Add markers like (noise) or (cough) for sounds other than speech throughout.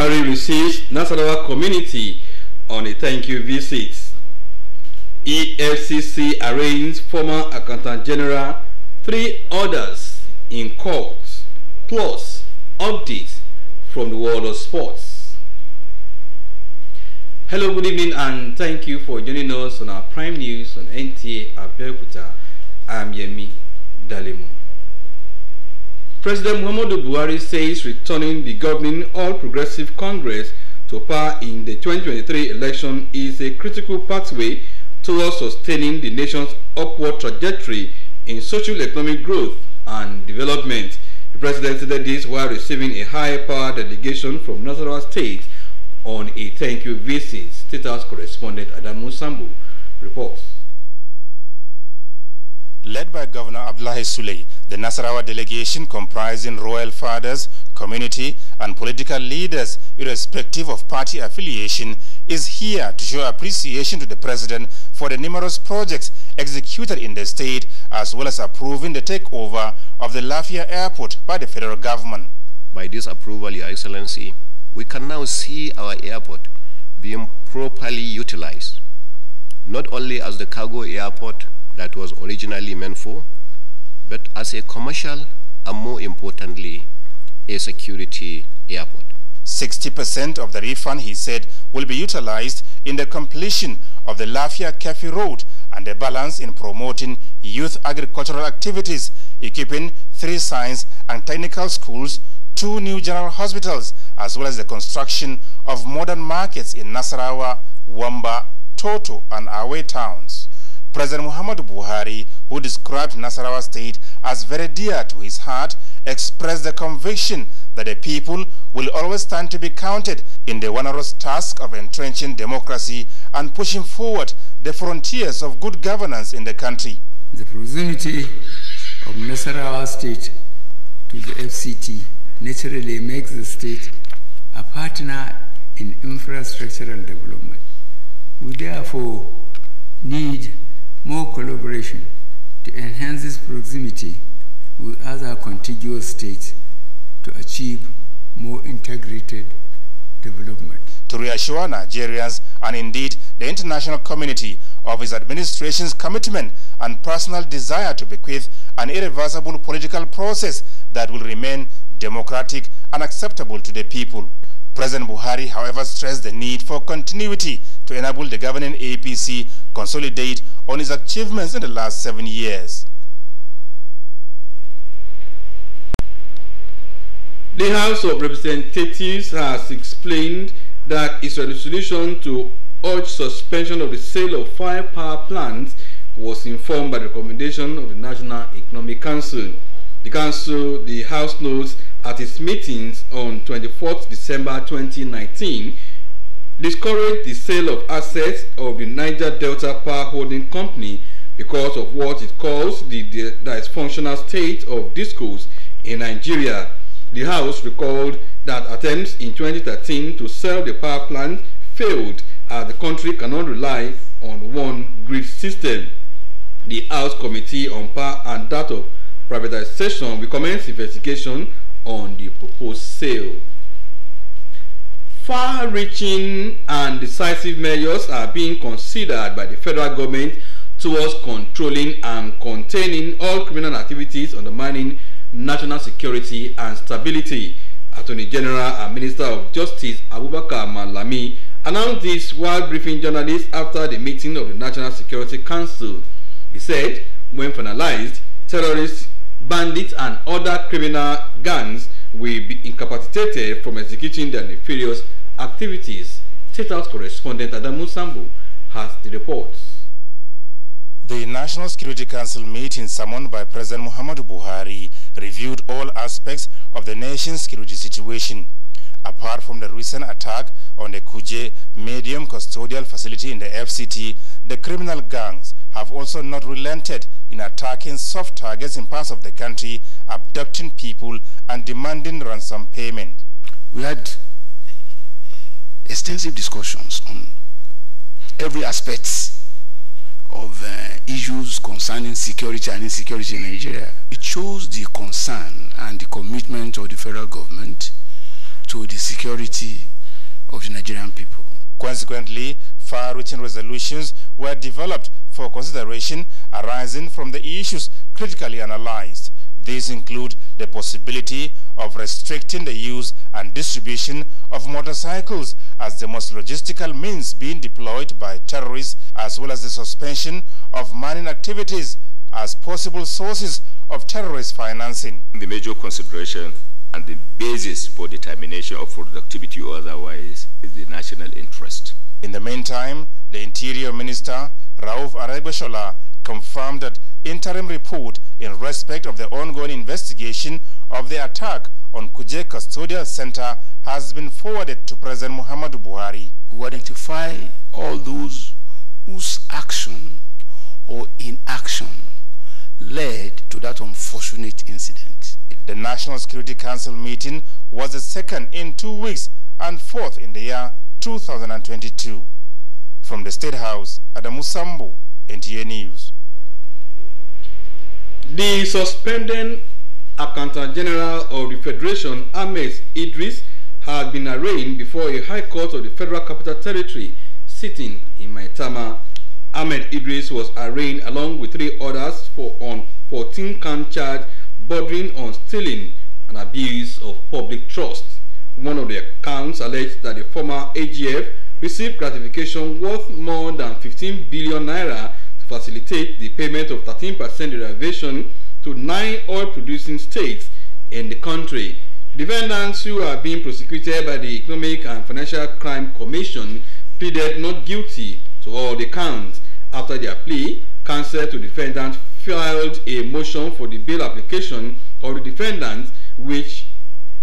Buhari received Nasarawa community on a thank you visit. EFCC arraigned former Accountant General, three others in court, plus updates from the world of sports. Hello, good evening, and thank you for joining us on our Prime News on NTA Abeokuta. I'm Yemi Dalimun. President Muhammadu Buhari says returning the governing All Progressive Congress to power in the 2023 election is a critical pathway towards sustaining the nation's upward trajectory in social economic growth and development. The president said this while receiving a high-power delegation from Nasarawa State on a thank you visit. State House correspondent Adamu Sambu reports. Led by Governor Abdullahi Suley, the Nasarawa delegation comprising royal fathers, community and political leaders irrespective of party affiliation is here to show appreciation to the President for the numerous projects executed in the state as well as approving the takeover of the Lafia Airport by the federal government. By this approval, Your Excellency, we can now see our airport being properly utilized, not only as the cargo airport that was originally meant for, but as a commercial and more importantly, a security airport. 60% of the refund, he said, will be utilized in the completion of the Lafia Cafe Road and the balance in promoting youth agricultural activities, equipping three science and technical schools, two new general hospitals, as well as the construction of modern markets in Nasarawa, Wamba, Toto, and Awe towns. President Muhammadu Buhari, who described Nasarawa state as very dear to his heart, expressed the conviction that the people will always stand to be counted in the onerous task of entrenching democracy and pushing forward the frontiers of good governance in the country. The proximity of Nasarawa state to the FCT naturally makes the state a partner in infrastructural development. We therefore need more collaboration to enhance its proximity with other contiguous states to achieve more integrated development. To reassure Nigerians and indeed the international community of his administration's commitment and personal desire to bequeath an irreversible political process that will remain democratic and acceptable to the people. President Buhari, however, stressed the need for continuity to enable the governing APC consolidate on its achievements in the last seven years. The House of Representatives has explained that its resolution to urge suspension of the sale of five power plants was informed by the recommendation of the National Economic Council. The Council, the House notes at its meetings on 24 December 2019 discouraged the sale of assets of the Niger Delta Power Holding Company because of what it calls the dysfunctional state of discourse in Nigeria. The House recalled that attempts in 2013 to sell the power plant failed as the country cannot rely on one grid system. The House Committee on Power and that of Privatization will commence investigation on the proposed sale. Far-reaching and decisive measures are being considered by the federal government towards controlling and containing all criminal activities undermining national security and stability. Attorney General and Minister of Justice Abubakar Malami announced this while briefing journalists after the meeting of the National Security Council. He said, when finalized, terrorists bandits and other criminal gangs will be incapacitated from executing their nefarious activities. State House correspondent Adamu Sambu has the report. The National Security Council meeting summoned by President Muhammadu Buhari reviewed all aspects of the nation's security situation. Apart from the recent attack on the Kuje medium custodial facility in the FCT, the criminal gangs have also not relented in attacking soft targets in parts of the country, abducting people and demanding ransom payment. We had extensive discussions on every aspect of uh, issues concerning security and insecurity in Nigeria. It shows the concern and the commitment of the federal government to the security of the Nigerian people. Consequently, far-reaching resolutions were developed for consideration arising from the issues critically analyzed. These include the possibility of restricting the use and distribution of motorcycles as the most logistical means being deployed by terrorists as well as the suspension of mining activities as possible sources of terrorist financing. The major consideration and the basis for determination of productivity or otherwise is the national interest. In the meantime, the Interior Minister Rauf Arebeshola confirmed that interim report in respect of the ongoing investigation of the attack on Kuje Custodial Center has been forwarded to President Muhammad Buhari. Who identify all those whose action or inaction led to that unfortunate incident. The National Security Council meeting was the second in two weeks and fourth in the year 2022. From the State House, Adamusambo, NTA News. The suspended Accountant General of the Federation, Ahmed Idris, has been arraigned before a High Court of the Federal Capital Territory sitting in Maitama. Ahmed Idris was arraigned along with three others for on 14 count charge bordering on stealing and abuse of public trust. One of the accounts alleged that the former AGF received gratification worth more than 15 billion naira to facilitate the payment of 13% derivation to nine oil-producing states in the country. defendants who are being prosecuted by the Economic and Financial Crime Commission pleaded not guilty to all the counts. After their plea, counsel to defendants filed a motion for the bail application of the defendants, which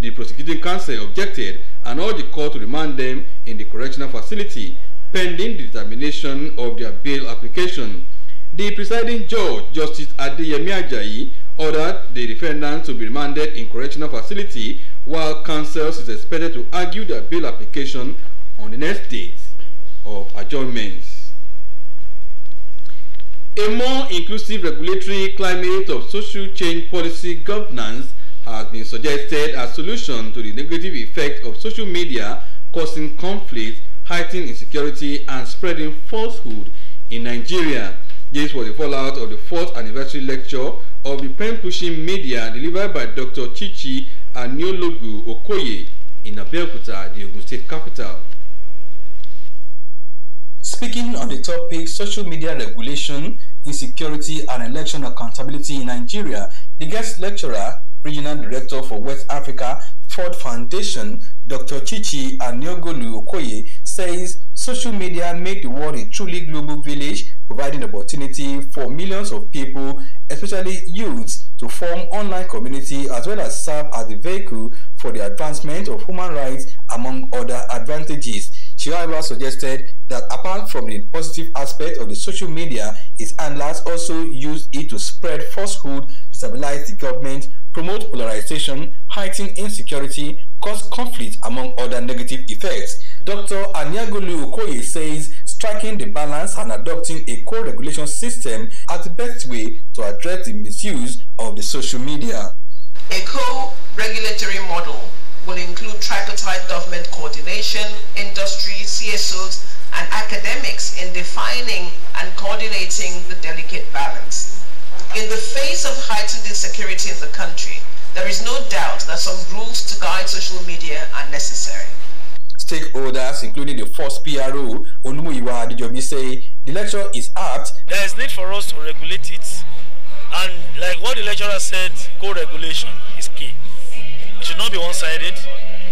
the prosecuting counsel objected and urged the court to remand them in the correctional facility pending the determination of their bail application. The presiding judge, Justice Adeyemi Ajayi, ordered the defendants to be remanded in correctional facility while counsel is expected to argue their bail application on the next date of adjournments. A more inclusive regulatory climate of social change policy governance has been suggested as solution to the negative effect of social media causing conflict, heightening insecurity and spreading falsehood in Nigeria. This was the fallout of the fourth anniversary lecture of the pen-pushing media delivered by Dr. Chichi Aniologu Okoye in Abeokuta, the Ogun State capital. Speaking on the topic social media regulation, insecurity and election accountability in Nigeria, the guest lecturer Regional Director for West Africa Ford Foundation, Dr. Chichi Aniogolu Okoye, says social media made the world a truly global village, providing opportunity for millions of people, especially youths, to form online community as well as serve as a vehicle for the advancement of human rights, among other advantages. She however suggested that apart from the positive aspect of the social media, its handlers also use it to spread falsehood to stabilize the government promote polarization, heighten insecurity, cause conflict, among other negative effects. Dr. Anyagulu Okoye says striking the balance and adopting a co-regulation system as the best way to address the misuse of the social media. A co-regulatory model will include tripartite government coordination, industry, CSOs, and academics in defining and coordinating the delicate balance. In the face of heightened insecurity in the country, there is no doubt that some rules to guide social media are necessary. Stakeholders, including the first PRO, Olumuyiwa Adijobi, say the lecture is apt. There is need for us to regulate it, and like what the lecturer said, co-regulation is key. It should not be one-sided.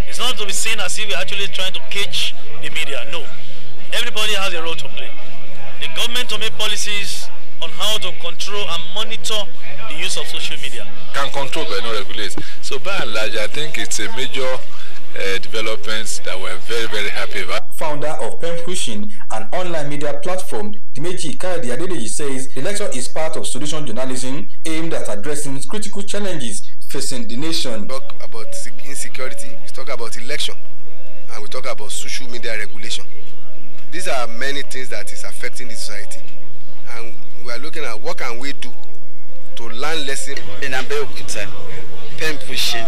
It's not to be seen as if we're actually trying to cage the media. No, everybody has a role to play. The government to make policies on how to control and monitor the use of social media. Can control but not regulate. So by and large, I think it's a major uh, eh, developments that we're very, very happy about. Founder of Pen Pushing, an online media platform, Dimeji Kaidi Adedeji says the lecture is part of solution journalism aimed at addressing critical challenges facing the nation. We talk about insecurity, we talk about election, and we talk about social media regulation. These are many things that is affecting the society. And we are looking at what can we do to learn lesson. in Abeokuta pen pushing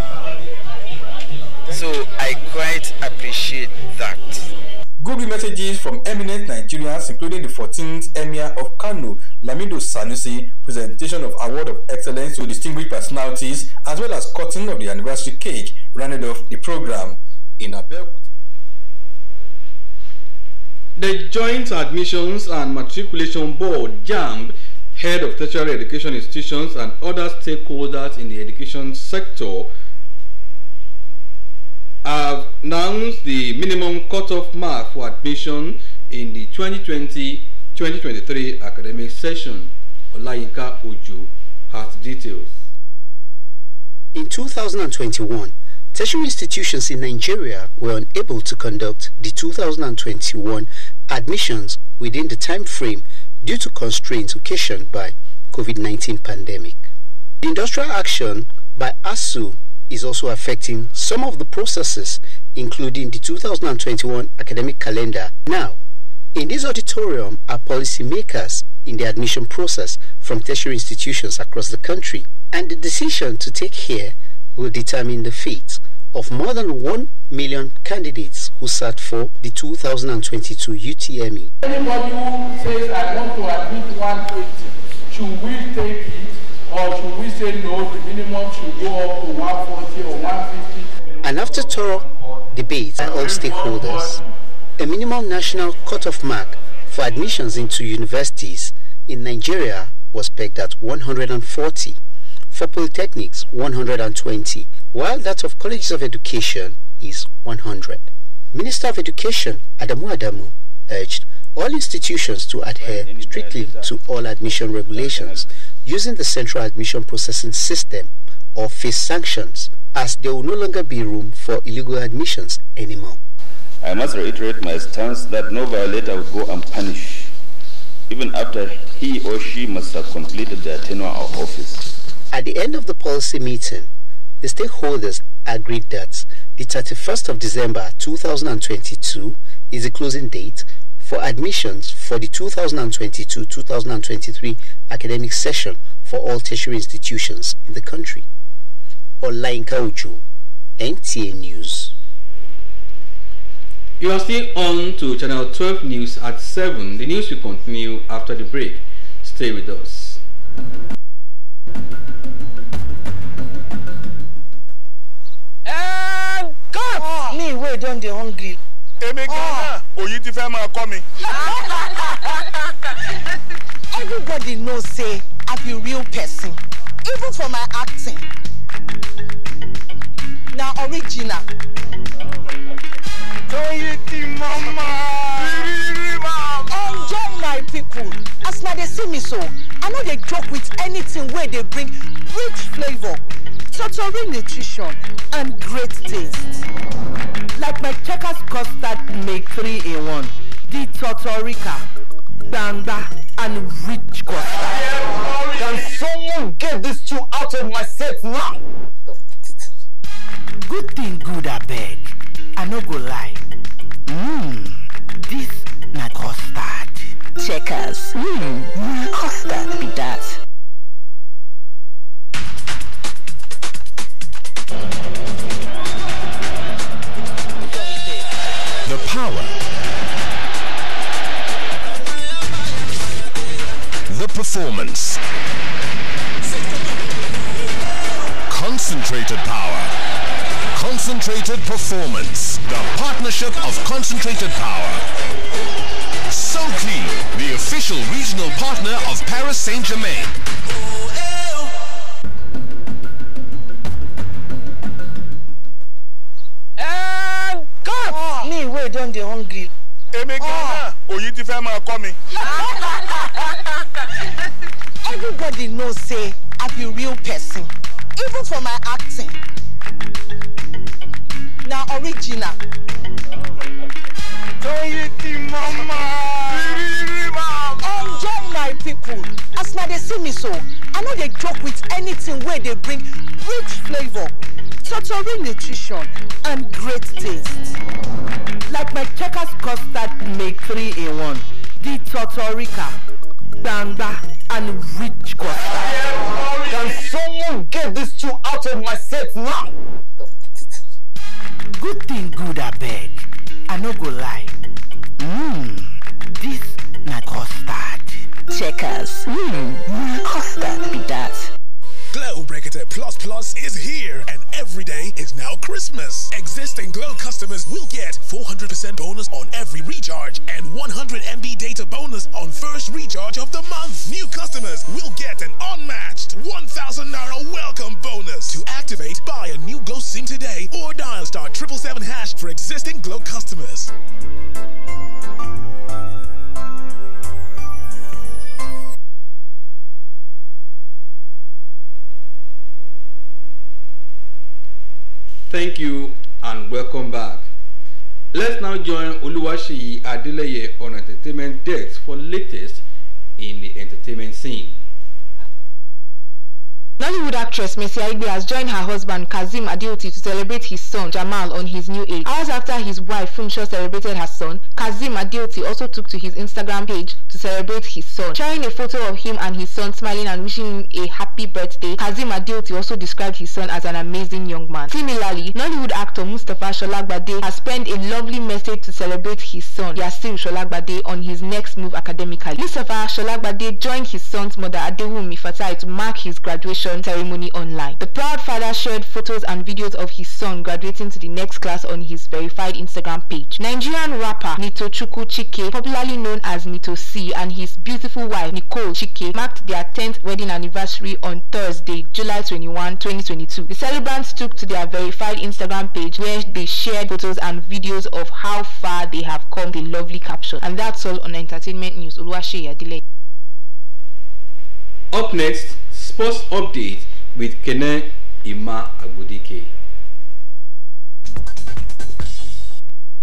so I quite appreciate that. Good messages from eminent Nigerians, including the 14th Emir of Kano, Lamido Sanusi, presentation of Award of Excellence to distinguished personalities, as well as cutting of the anniversary cake, rounded off the program in Abeokuta. The Joint Admissions and Matriculation Board, JAMB, head of tertiary education institutions and other stakeholders in the education sector have announced the minimum cutoff mark for admission in the 2020-2023 academic session. Olayinka Ojo has details. In 2021, tertiary institutions in Nigeria were unable to conduct the 2021 admissions within the time frame due to constraints occasioned by COVID-19 pandemic. The industrial action by ASU is also affecting some of the processes including the 2021 academic calendar. Now, in this auditorium are policymakers in the admission process from tertiary institutions across the country, and the decision to take here will determine the fate of more than 1 million candidates who sat for the 2022 UTME. Anybody who says, I want to admit should we take it or should we say no, the minimum should go up to 140 or 150? And after thorough debates by all stakeholders, a minimum national cut-off mark for admissions into universities in Nigeria was pegged at 140, for polytechnics 120, while that of colleges of education is 100. Minister of Education Adamu Adamu urged all institutions to adhere strictly to all admission regulations using the central admission processing system or face sanctions as there will no longer be room for illegal admissions anymore. I must reiterate my stance that no violator will go unpunished even after he or she must have completed their tenure of office. At the end of the policy meeting, the stakeholders agreed that the 31st of December 2022 is the closing date for admissions for the 2022-2023 academic session for all tertiary institutions in the country. Online Kaujo, NTA News. You are still on to Channel 12 News at 7. The news will continue after the break. Stay with us. èmi gánà ah. òyì ti fẹ́ máa kọ́ mi. (laughs) everybody know say i be real person even for my acting na original. Tóyìn tí mo máa. as na they see me so i know they joke with anything where they bring rich flavour totori nutrition and great taste. like my checkers custard make three in one the totorica, banda and rich custard. can someone get these two out of my set now. good thing good I beg. i no go lie. mmm this na custard checkers. Hmm, Costa be that. The power. The performance. Concentrated power. Concentrated performance. The partnership of concentrated power. Soakley, the official regional partner of Paris Saint-Germain. And eh, go! Ah, me, we don dey hungry. Èmi gan-an, oyin ah. ti fẹ́ coming. (laughs) Everybody knows, say I be real person, even for my acting. Now original. Tóyé ti mú. so i know they joke with anything where they bring rich flavour total nutrition and great taste like my checkers custard make three in one the totorica, gbangba and rich custard. can someone get these two out of my set now. good thing good beg. i no go lie. mmm this na custard checkers. Mmm, that be that. Glow Breaker Plus Plus is here, and every day is now Christmas. Existing Glow customers will get 400% bonus on every recharge and 100 MB data bonus on first recharge of the month. New customers will get an unmatched 1,000 Naira welcome bonus. To activate, buy a new Glow SIM today or dial star 777 hash for existing Glow customers. Thank you and welcome back. Let's now join Oluwaseyi Adeleye on Entertainment Desk for latest in the entertainment scene. Nollywood actress Mercy Aigbe has joined her husband Kazim Adeoti to celebrate his son Jamal on his new age. Hours after his wife Funsho celebrated her son, Kazim Adeoti also took to his Instagram page to celebrate his son. Sharing a photo of him and his son smiling and wishing him a happy birthday, Kazim Adeoti also described his son as an amazing young man. Similarly, Nollywood actor Mustafa Sholagbade has penned a lovely message to celebrate his son Yasir Sholagbade on his next move academically. Mustafa Sholagbade joined his son's mother Adewumi Fatai to mark his graduation graduation ceremony online. The proud father shared photos and videos of his son graduating to the next class on his verified Instagram page. Nigerian rapper Nito Chuku Chike, popularly known as Nito C, and his beautiful wife Nicole Chike marked their 10th wedding anniversary on Thursday, July 21, 2022. The celebrants took to their verified Instagram page where they shared photos and videos of how far they have come. The lovely caption. And that's all on Entertainment News. Oluwaseyi Adile. Up next, Sports Update with Kene Ima Agudike.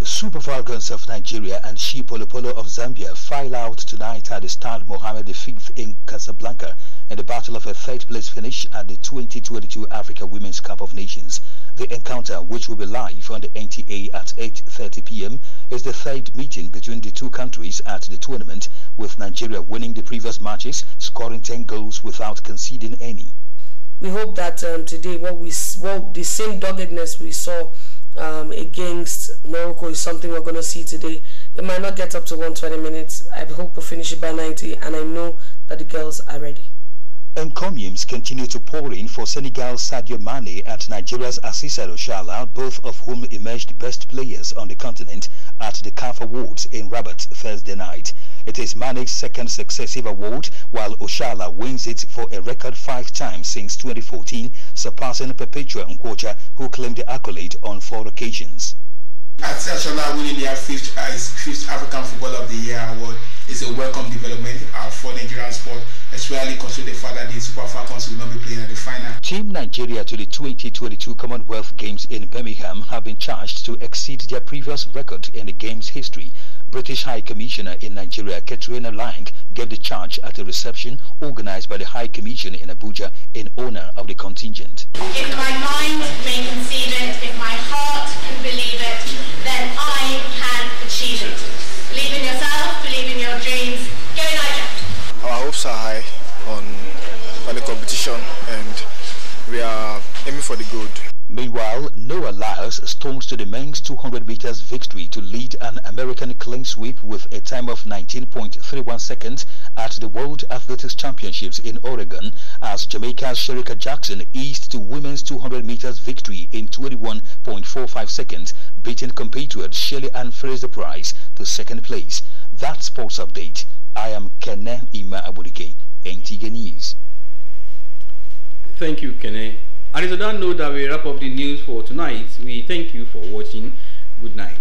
Super Falcons of Nigeria and Shipolopolo of Zambia file out tonight at the Stade Mohammed V in Casablanca in the battle of a third-place finish at the 2022 Africa Women's Cup of Nations. The encounter, which will be live on the NTA at 8.30 p.m., is the third meeting between the two countries at the tournament, with Nigeria winning the previous matches, scoring 10 goals without conceding any. We hope that um, today what we what the same doggedness we saw um, against Morocco is something we're going to see today. It might not get up to 120 minutes. I hope we will finish it by 90, and I know that the girls are ready. Encomiums continue to pour in for Senegal's Sadio Mane and Nigeria's Asisa Oshala, both of whom emerged best players on the continent at the CAF Awards in Rabat Thursday night. It is Mane's second successive award, while Oshala wins it for a record five times since 2014, surpassing Perpetua Nkwocha, who claimed the accolade on four occasions. Asisa Oshala winning their fifth, uh, fifth African Footballer of the Year award is a welcome development uh, for Nigerian sport, especially considering the fact that the Super Falcons will not be playing at the final. Team Nigeria to the 2022 Commonwealth Games in Birmingham have been charged to exceed their previous record in the game's history British High Commissioner in Nigeria, Katrina Lang, gave the charge at a reception organized by the High Commission in Abuja in honor of the contingent. If my mind may conceive it, if my heart can believe it, then I can achieve it. Believe in yourself, believe in your dreams. Go Nigeria. Our hopes are high on, on the competition and we are aiming for the gold. Meanwhile, Noah Lyles stormed to the men's 200 meters victory to lead an American clean sweep with a time of 19.31 seconds at the World Athletics Championships in Oregon as Jamaica's Sherika Jackson eased to women's 200 meters victory in 21.45 seconds, beating compatriot Shelly Ann Fraser Price to second place. That sports update. I am Kene Ima Abudike, NTG News. Thank you, Kene. And it's on that note that we wrap up the news for tonight. We thank you for watching. Good night.